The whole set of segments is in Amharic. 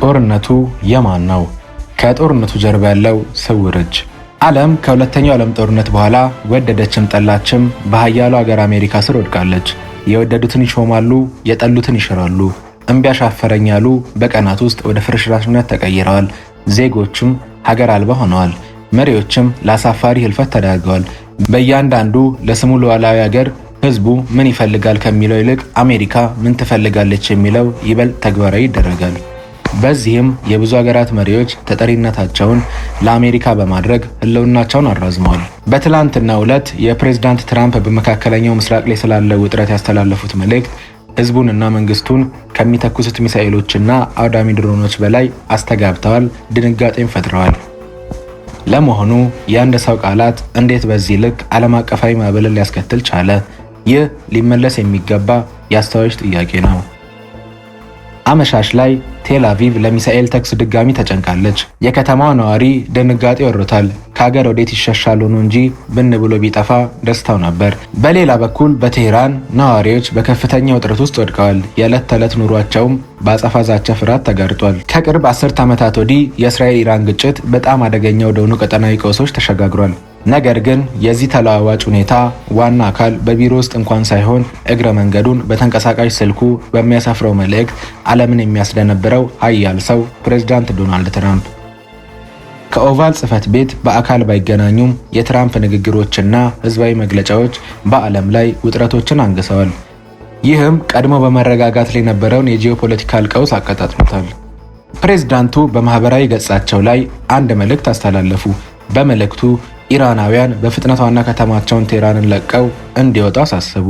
ጦርነቱ የማን ነው? ከጦርነቱ ጀርባ ያለው ስውር እጅ። ዓለም ከሁለተኛው ዓለም ጦርነት በኋላ ወደደችም ጠላችም በሀያሉ ሀገር አሜሪካ ስር ወድቃለች። የወደዱትን ይሾማሉ፣ የጠሉትን ይሽራሉ። እምቢ ያሉ በቀናት ውስጥ ወደ ፍርስራሽነት ተቀይረዋል። ዜጎችም ሀገር አልባ ሆነዋል። መሪዎችም ለአሳፋሪ ህልፈት ተዳርገዋል። በእያንዳንዱ ለስሙ ሉዓላዊ ሀገር ህዝቡ ምን ይፈልጋል ከሚለው ይልቅ አሜሪካ ምን ትፈልጋለች የሚለው ይበልጥ ተግባራዊ ይደረጋል። በዚህም የብዙ ሀገራት መሪዎች ተጠሪነታቸውን ለአሜሪካ በማድረግ ህልውናቸውን አራዝመዋል። በትላንትናው ዕለት የፕሬዝዳንት ትራምፕ በመካከለኛው ምስራቅ ላይ ስላለ ውጥረት ያስተላለፉት መልእክት ህዝቡንና መንግስቱን ከሚተኩሱት ሚሳኤሎችና አውዳሚ ድሮኖች በላይ አስተጋብተዋል፣ ድንጋጤም ፈጥረዋል። ለመሆኑ የአንድ ሰው ቃላት እንዴት በዚህ ልክ ዓለም አቀፋዊ ማዕበልን ሊያስከትል ቻለ? ይህ ሊመለስ የሚገባ የአስተዋዮች ጥያቄ ነው። አመሻሽ ላይ ቴል አቪቭ ለሚሳኤል ተኩስ ድጋሚ ተጨንቃለች። የከተማዋ ነዋሪ ድንጋጤ ወሮታል። ከሀገር ወዴት ይሸሻሉ ነው እንጂ ብን ብሎ ቢጠፋ ደስታው ነበር። በሌላ በኩል በቴህራን ነዋሪዎች በከፍተኛ ውጥረት ውስጥ ወድቀዋል። የዕለት ተዕለት ኑሯቸውም በአጸፋ ዛቻ ፍርሃት ተጋርጧል። ከቅርብ አስርት ዓመታት ወዲህ የእስራኤል ኢራን ግጭት በጣም አደገኛ ወደሆኑ ቀጠናዊ ቀውሶች ተሸጋግሯል። ነገር ግን የዚህ ተለዋዋጭ ሁኔታ ዋና አካል በቢሮ ውስጥ እንኳን ሳይሆን እግረ መንገዱን በተንቀሳቃሽ ስልኩ በሚያሰፍረው መልእክት ዓለምን የሚያስደነብረው ሀያል ሰው ፕሬዚዳንት ዶናልድ ትራምፕ ከኦቫል ጽህፈት ቤት በአካል ባይገናኙም የትራምፕ ንግግሮችና ህዝባዊ መግለጫዎች በዓለም ላይ ውጥረቶችን አንግሰዋል። ይህም ቀድሞ በመረጋጋት ላይ የነበረውን የጂኦፖለቲካል ቀውስ አቀጣጥሎታል። ፕሬዝዳንቱ በማኅበራዊ ገጻቸው ላይ አንድ መልእክት አስተላለፉ። በመልእክቱ ኢራናውያን በፍጥነት ዋና ከተማቸውን ቴህራንን ለቀው እንዲወጡ አሳሰቡ።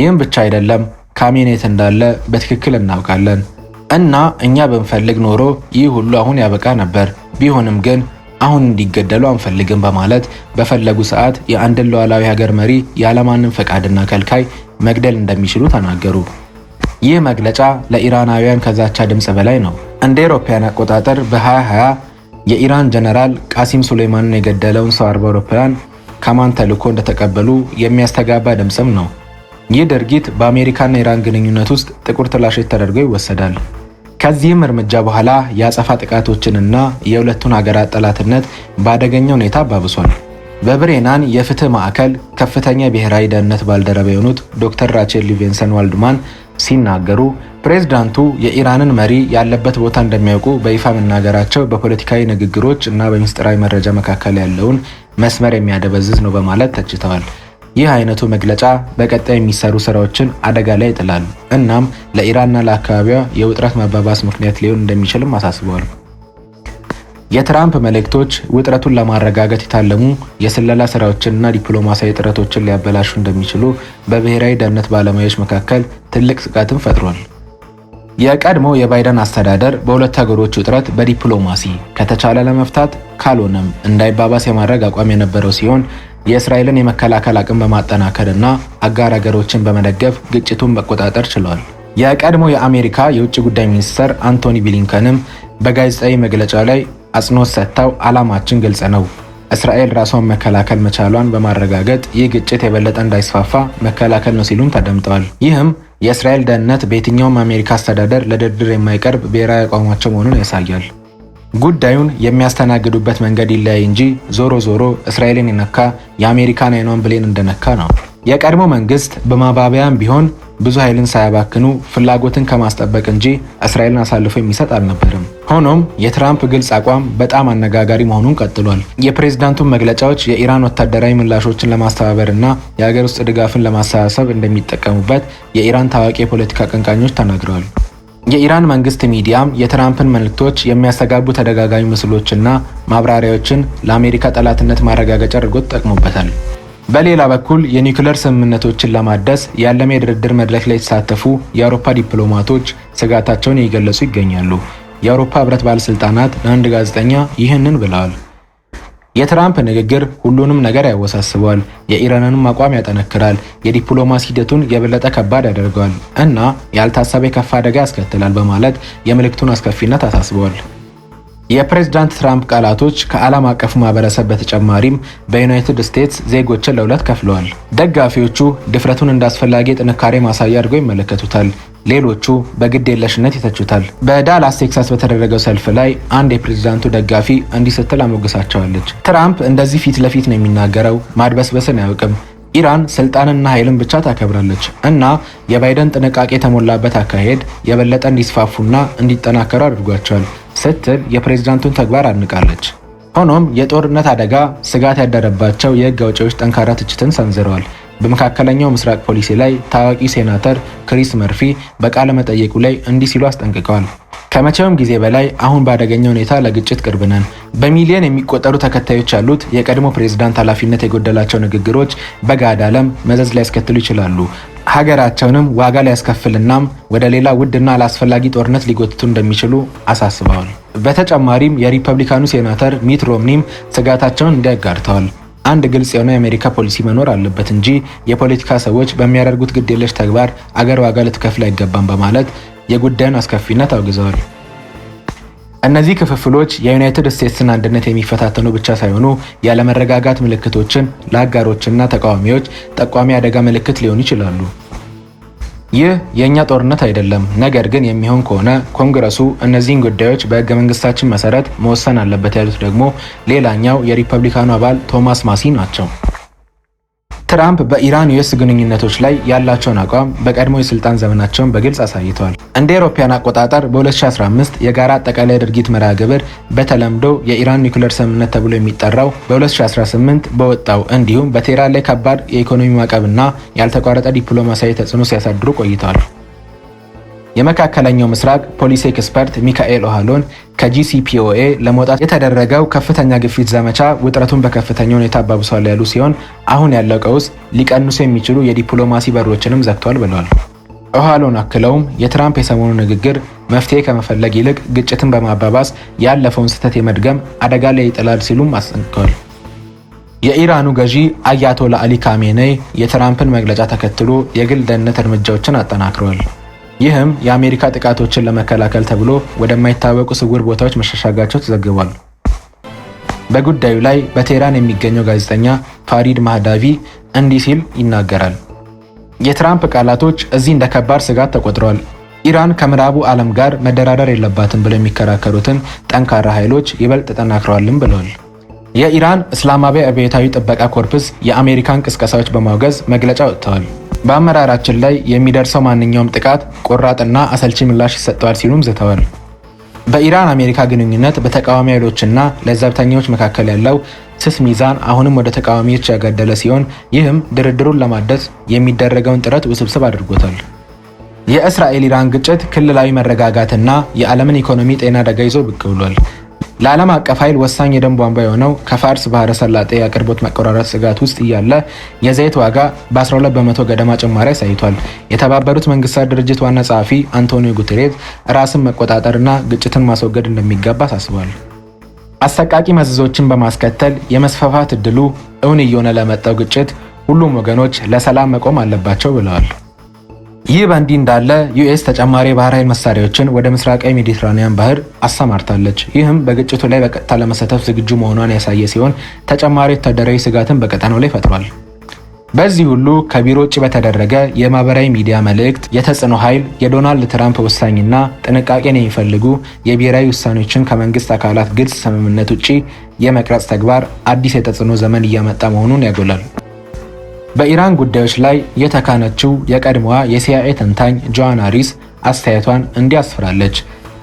ይህም ብቻ አይደለም፣ ካሜኔት እንዳለ በትክክል እናውቃለን እና እኛ ብንፈልግ ኖሮ ይህ ሁሉ አሁን ያበቃ ነበር። ቢሆንም ግን አሁን እንዲገደሉ አንፈልግም በማለት በፈለጉ ሰዓት የአንድን ሉዓላዊ ሀገር መሪ ያለማንም ፈቃድና ከልካይ መግደል እንደሚችሉ ተናገሩ። ይህ መግለጫ ለኢራናውያን ከዛቻ ድምፅ በላይ ነው። እንደ አውሮፓውያን አቆጣጠር በ2020 የኢራን ጀነራል ቃሲም ሱሌይማንን የገደለውን ሰው አልባ አውሮፕላን ከማን ተልዕኮ እንደተቀበሉ የሚያስተጋባ ድምፅም ነው። ይህ ድርጊት በአሜሪካና ኢራን ግንኙነት ውስጥ ጥቁር ትላሾች ተደርጎ ይወሰዳል። ከዚህም እርምጃ በኋላ የአጸፋ ጥቃቶችንና የሁለቱን ሀገራት ጠላትነት በአደገኛ ሁኔታ አባብሷል። በብሬናን የፍትህ ማዕከል ከፍተኛ ብሔራዊ ደህንነት ባልደረባ የሆኑት ዶክተር ራቼል ሊቬንሰን ዋልድማን ሲናገሩ ፕሬዝዳንቱ የኢራንን መሪ ያለበት ቦታ እንደሚያውቁ በይፋ መናገራቸው በፖለቲካዊ ንግግሮች እና በሚኒስጥራዊ መረጃ መካከል ያለውን መስመር የሚያደበዝዝ ነው በማለት ተችተዋል። ይህ አይነቱ መግለጫ በቀጣይ የሚሰሩ ስራዎችን አደጋ ላይ ይጥላል፣ እናም ለኢራንና ለአካባቢዋ የውጥረት መባባስ ምክንያት ሊሆን እንደሚችልም አሳስበዋል። የትራምፕ መልእክቶች ውጥረቱን ለማረጋገጥ የታለሙ የስለላ ስራዎችንና ዲፕሎማሲያዊ ጥረቶችን ሊያበላሹ እንደሚችሉ በብሔራዊ ደህንነት ባለሙያዎች መካከል ትልቅ ስቃትን ፈጥሯል። የቀድሞው የባይደን አስተዳደር በሁለት ሀገሮች ውጥረት በዲፕሎማሲ ከተቻለ ለመፍታት ካልሆነም እንዳይባባስ የማድረግ አቋም የነበረው ሲሆን የእስራኤልን የመከላከል አቅም በማጠናከር ና አጋር ሀገሮችን በመደገፍ ግጭቱን መቆጣጠር ችሏል። የቀድሞ የአሜሪካ የውጭ ጉዳይ ሚኒስትር አንቶኒ ብሊንከንም በጋዜጣዊ መግለጫ ላይ አጽንኦት ሰጥተው ዓላማችን ግልጽ ነው፣ እስራኤል ራሷን መከላከል መቻሏን በማረጋገጥ ይህ ግጭት የበለጠ እንዳይስፋፋ መከላከል ነው ሲሉም ተደምጠዋል። ይህም የእስራኤል ደህንነት በየትኛውም አሜሪካ አስተዳደር ለድርድር የማይቀርብ ብሔራዊ አቋማቸው መሆኑን ያሳያል። ጉዳዩን የሚያስተናግዱበት መንገድ ይለያይ እንጂ ዞሮ ዞሮ እስራኤልን የነካ የአሜሪካን አይኗን ብሌን እንደነካ ነው። የቀድሞ መንግስት በማባቢያም ቢሆን ብዙ ኃይልን ሳያባክኑ ፍላጎትን ከማስጠበቅ እንጂ እስራኤልን አሳልፎ የሚሰጥ አልነበርም። ሆኖም የትራምፕ ግልጽ አቋም በጣም አነጋጋሪ መሆኑን ቀጥሏል። የፕሬዝዳንቱን መግለጫዎች የኢራን ወታደራዊ ምላሾችን ለማስተባበር እና የሀገር ውስጥ ድጋፍን ለማሰባሰብ እንደሚጠቀሙበት የኢራን ታዋቂ የፖለቲካ አቀንቃኞች ተናግረዋል። የኢራን መንግስት ሚዲያም የትራምፕን መልእክቶች የሚያስተጋቡ ተደጋጋሚ ምስሎችና ማብራሪያዎችን ለአሜሪካ ጠላትነት ማረጋገጫ አድርጎ ጠቅሞበታል። በሌላ በኩል የኒውክለር ስምምነቶችን ለማደስ ያለመ የድርድር መድረክ ላይ የተሳተፉ የአውሮፓ ዲፕሎማቶች ስጋታቸውን እየገለጹ ይገኛሉ። የአውሮፓ ህብረት ባለስልጣናት ለአንድ ጋዜጠኛ ይህንን ብለዋል። የትራምፕ ንግግር ሁሉንም ነገር ያወሳስበዋል፣ የኢራንንም አቋም ያጠነክራል፣ የዲፕሎማሲ ሂደቱን የበለጠ ከባድ ያደርገዋል እና ያልታሰበ የከፋ አደጋ ያስከትላል በማለት የምልክቱን አስከፊነት አሳስበዋል። የፕሬዝዳንት ትራምፕ ቃላቶች ከዓለም አቀፍ ማህበረሰብ በተጨማሪም በዩናይትድ ስቴትስ ዜጎችን ለሁለት ከፍለዋል። ደጋፊዎቹ ድፍረቱን እንዳስፈላጊ ጥንካሬ ማሳያ አድርገው ይመለከቱታል። ሌሎቹ በግድ የለሽነት ይተቹታል። በዳላስ ቴክሳስ በተደረገው ሰልፍ ላይ አንድ የፕሬዝዳንቱ ደጋፊ እንዲህ ስትል አሞግሳቸዋለች። ትራምፕ እንደዚህ ፊት ለፊት ነው የሚናገረው፣ ማድበስበስን አያውቅም ኢራን ስልጣንና ኃይልን ብቻ ታከብራለች እና የባይደን ጥንቃቄ የተሞላበት አካሄድ የበለጠ እንዲስፋፉና እንዲጠናከሩ አድርጓቸዋል ስትል የፕሬዝዳንቱን ተግባር አድንቃለች። ሆኖም የጦርነት አደጋ ስጋት ያደረባቸው የህግ አውጪዎች ጠንካራ ትችትን ሰንዝረዋል። በመካከለኛው ምስራቅ ፖሊሲ ላይ ታዋቂ ሴናተር ክሪስ መርፊ በቃለ መጠየቁ ላይ እንዲህ ሲሉ አስጠንቅቀዋል። ከመቼውም ጊዜ በላይ አሁን በአደገኛ ሁኔታ ለግጭት ቅርብ ነን። በሚሊዮን የሚቆጠሩ ተከታዮች ያሉት የቀድሞ ፕሬዝዳንት ኃላፊነት የጎደላቸው ንግግሮች በጋድ ዓለም መዘዝ ሊያስከትሉ ይችላሉ። ሀገራቸውንም ዋጋ ሊያስከፍልናም ወደ ሌላ ውድና አላስፈላጊ ጦርነት ሊጎትቱ እንደሚችሉ አሳስበዋል። በተጨማሪም የሪፐብሊካኑ ሴናተር ሚት ሮምኒም ስጋታቸውን እንዲያጋርተዋል። አንድ ግልጽ የሆነ የአሜሪካ ፖሊሲ መኖር አለበት እንጂ የፖለቲካ ሰዎች በሚያደርጉት ግድ የለሽ ተግባር አገር ዋጋ ልትከፍል አይገባም በማለት የጉዳዩን አስከፊነት አውግዘዋል። እነዚህ ክፍፍሎች የዩናይትድ ስቴትስን አንድነት የሚፈታተኑ ብቻ ሳይሆኑ ያለመረጋጋት ምልክቶችን ለአጋሮችና ተቃዋሚዎች ጠቋሚ አደጋ ምልክት ሊሆኑ ይችላሉ። ይህ የእኛ ጦርነት አይደለም፣ ነገር ግን የሚሆን ከሆነ ኮንግረሱ እነዚህን ጉዳዮች በህገ መንግስታችን መሰረት መወሰን አለበት ያሉት ደግሞ ሌላኛው የሪፐብሊካኑ አባል ቶማስ ማሲ ናቸው። ትራምፕ በኢራን ዩኤስ ግንኙነቶች ላይ ያላቸውን አቋም በቀድሞ የስልጣን ዘመናቸውን በግልጽ አሳይተዋል። እንደ አውሮፓውያን አቆጣጠር በ2015 የጋራ አጠቃላይ ድርጊት መርሃ ግብር በተለምዶ የኢራን ኒውክሌር ስምምነት ተብሎ የሚጠራው በ2018 በወጣው እንዲሁም በቴህራን ላይ ከባድ የኢኮኖሚ ማዕቀብና ያልተቋረጠ ዲፕሎማሲያዊ ተጽዕኖ ሲያሳድሩ ቆይተዋል። የመካከለኛው ምስራቅ ፖሊሲ ኤክስፐርት ሚካኤል ኦሃሎን ከጂሲፒኦኤ ለመውጣት የተደረገው ከፍተኛ ግፊት ዘመቻ ውጥረቱን በከፍተኛ ሁኔታ አባብሷል ያሉ ሲሆን አሁን ያለው ቀውስ ሊቀንሱ የሚችሉ የዲፕሎማሲ በሮችንም ዘግቷል ብለዋል። ኦሃሎን አክለውም የትራምፕ የሰሞኑ ንግግር መፍትሄ ከመፈለግ ይልቅ ግጭትን በማባባስ ያለፈውን ስህተት የመድገም አደጋ ላይ ይጥላል ሲሉም አስጠንቅቀዋል። የኢራኑ ገዢ አያቶላ አሊ ካሜኔይ የትራምፕን መግለጫ ተከትሎ የግል ደህንነት እርምጃዎችን አጠናክረዋል። ይህም የአሜሪካ ጥቃቶችን ለመከላከል ተብሎ ወደማይታወቁ ስውር ቦታዎች መሸሻጋቸው ተዘግቧል። በጉዳዩ ላይ በቴህራን የሚገኘው ጋዜጠኛ ፋሪድ ማህዳቪ እንዲህ ሲል ይናገራል። የትራምፕ ቃላቶች እዚህ እንደ ከባድ ስጋት ተቆጥረዋል። ኢራን ከምዕራቡ ዓለም ጋር መደራደር የለባትም ብለው የሚከራከሩትን ጠንካራ ኃይሎች ይበልጥ ተጠናክረዋልም ብለዋል። የኢራን እስላማዊ አብዮታዊ ጥበቃ ኮርፕስ የአሜሪካን ቅስቀሳዎች በማውገዝ መግለጫ ወጥተዋል። በአመራራችን ላይ የሚደርሰው ማንኛውም ጥቃት ቆራጥና አሰልቺ ምላሽ ይሰጠዋል ሲሉም ዝተዋል። በኢራን አሜሪካ ግንኙነት በተቃዋሚ ኃይሎችና ለዘብተኛዎች መካከል ያለው ስስ ሚዛን አሁንም ወደ ተቃዋሚዎች ያጋደለ ሲሆን ይህም ድርድሩን ለማደስ የሚደረገውን ጥረት ውስብስብ አድርጎታል። የእስራኤል ኢራን ግጭት ክልላዊ መረጋጋትና የዓለምን ኢኮኖሚ ጤና አደጋ ይዞ ብቅ ብሏል። ለዓለም አቀፍ ኃይል ወሳኝ የደንብ ቧንቧ የሆነው ከፋርስ ባህረ ሰላጤ የአቅርቦት መቆራረጥ ስጋት ውስጥ እያለ የዘይት ዋጋ በ12 በመቶ ገደማ ጭማሪ አሳይቷል። የተባበሩት መንግስታት ድርጅት ዋና ጸሐፊ አንቶኒዮ ጉቴሬዝ ራስን መቆጣጠርና ግጭትን ማስወገድ እንደሚገባ አሳስቧል። አሰቃቂ መዘዞችን በማስከተል የመስፋፋት እድሉ እውን እየሆነ ለመጣው ግጭት ሁሉም ወገኖች ለሰላም መቆም አለባቸው ብለዋል። ይህ በእንዲህ እንዳለ ዩኤስ ተጨማሪ የባህር ኃይል መሳሪያዎችን ወደ ምስራቃዊ ሜዲትራኒያን ባህር አሰማርታለች። ይህም በግጭቱ ላይ በቀጥታ ለመሳተፍ ዝግጁ መሆኗን ያሳየ ሲሆን ተጨማሪ ወታደራዊ ስጋትን በቀጠናው ላይ ፈጥሯል። በዚህ ሁሉ ከቢሮ ውጭ በተደረገ የማህበራዊ ሚዲያ መልእክት የተጽዕኖ ኃይል የዶናልድ ትራምፕ ወሳኝና ጥንቃቄን የሚፈልጉ የብሔራዊ ውሳኔዎችን ከመንግስት አካላት ግልጽ ስምምነት ውጭ የመቅረጽ ተግባር አዲስ የተጽዕኖ ዘመን እያመጣ መሆኑን ያጎላል። በኢራን ጉዳዮች ላይ የተካነችው የቀድሞዋ የሲአይኤ ተንታኝ ጆዋና ሪስ አስተያየቷን እንዲያስፈራለች።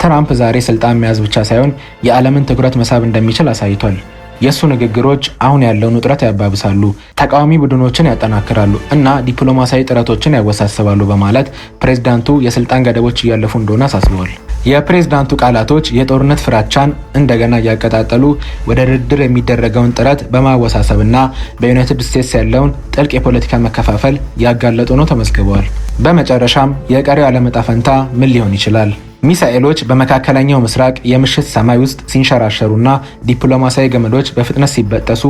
ትራምፕ ዛሬ ስልጣን መያዝ ብቻ ሳይሆን የዓለምን ትኩረት መሳብ እንደሚችል አሳይቷል። የእሱ ንግግሮች አሁን ያለውን ውጥረት ያባብሳሉ፣ ተቃዋሚ ቡድኖችን ያጠናክራሉ እና ዲፕሎማሲያዊ ጥረቶችን ያወሳስባሉ በማለት ፕሬዝዳንቱ የስልጣን ገደቦች እያለፉ እንደሆነ አሳስበዋል። የፕሬዝዳንቱ ቃላቶች የጦርነት ፍራቻን እንደገና እያቀጣጠሉ ወደ ድርድር የሚደረገውን ጥረት በማወሳሰብ እና በዩናይትድ ስቴትስ ያለውን ጥልቅ የፖለቲካ መከፋፈል ያጋለጡ ነው ተመዝግበዋል። በመጨረሻም የቀሪው ዓለም ፈንታ ምን ሊሆን ይችላል? ሚሳኤሎች በመካከለኛው ምስራቅ የምሽት ሰማይ ውስጥ ሲንሸራሸሩና ዲፕሎማሲያዊ ገመዶች በፍጥነት ሲበጠሱ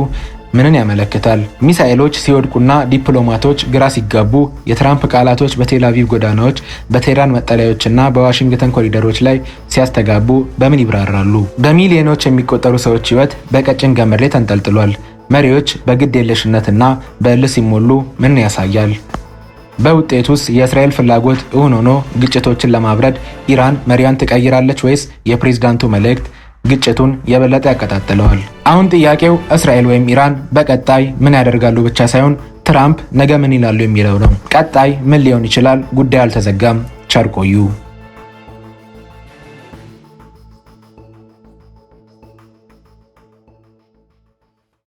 ምንን ያመለክታል? ሚሳኤሎች ሲወድቁና ዲፕሎማቶች ግራ ሲጋቡ የትራምፕ ቃላቶች በቴላቪቭ ጎዳናዎች፣ በቴህራን መጠለያዎችና በዋሽንግተን ኮሪደሮች ላይ ሲያስተጋቡ በምን ይብራራሉ? በሚሊዮኖች የሚቆጠሩ ሰዎች ህይወት በቀጭን ገመድ ላይ ተንጠልጥሏል። መሪዎች በግድ የለሽነትና በእልህ ሲሞሉ ምን ያሳያል? በውጤት ውስጥ የእስራኤል ፍላጎት እውን ሆኖ ግጭቶችን ለማብረድ ኢራን መሪያን ትቀይራለች ወይስ የፕሬዝዳንቱ መልእክት ግጭቱን የበለጠ ያቀጣጥለዋል? አሁን ጥያቄው እስራኤል ወይም ኢራን በቀጣይ ምን ያደርጋሉ ብቻ ሳይሆን ትራምፕ ነገ ምን ይላሉ የሚለው ነው። ቀጣይ ምን ሊሆን ይችላል? ጉዳዩ አልተዘጋም። ቸር ቆዩ።